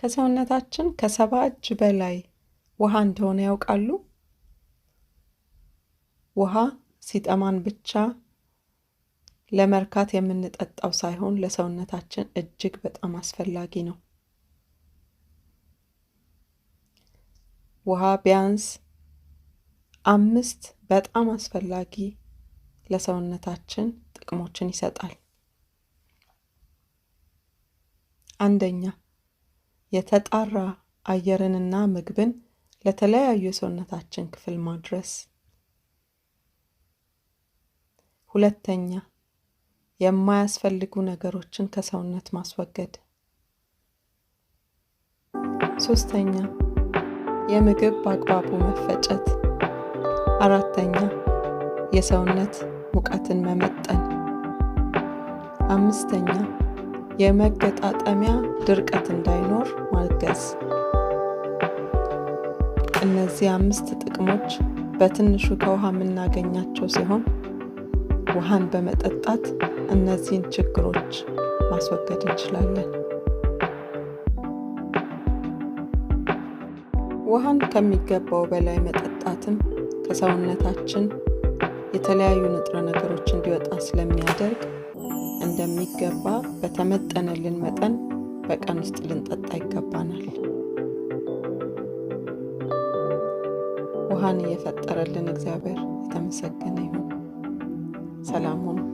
ከሰውነታችን ከሰባ እጅ በላይ ውሃ እንደሆነ ያውቃሉ? ውሃ ሲጠማን ብቻ ለመርካት የምንጠጣው ሳይሆን ለሰውነታችን እጅግ በጣም አስፈላጊ ነው። ውሃ ቢያንስ አምስት በጣም አስፈላጊ ለሰውነታችን ጥቅሞችን ይሰጣል። አንደኛ የተጣራ አየርንና ምግብን ለተለያዩ የሰውነታችን ክፍል ማድረስ። ሁለተኛ፣ የማያስፈልጉ ነገሮችን ከሰውነት ማስወገድ። ሶስተኛ፣ የምግብ በአግባቡ መፈጨት። አራተኛ፣ የሰውነት ሙቀትን መመጠን። አምስተኛ የመገጣጠሚያ ድርቀት እንዳይኖር ማገዝ። እነዚህ አምስት ጥቅሞች በትንሹ ከውሃ የምናገኛቸው ሲሆን ውሃን በመጠጣት እነዚህን ችግሮች ማስወገድ እንችላለን። ውሃን ከሚገባው በላይ መጠጣትም ከሰውነታችን የተለያዩ ንጥረ ነገሮች እንዲወጣ ስለሚያደርግ እንደሚገባ በተመጠነልን መጠን በቀን ውስጥ ልንጠጣ ይገባናል። ውሃን እየፈጠረልን እግዚአብሔር የተመሰገነ ይሁን። ሰላም ሁኑ።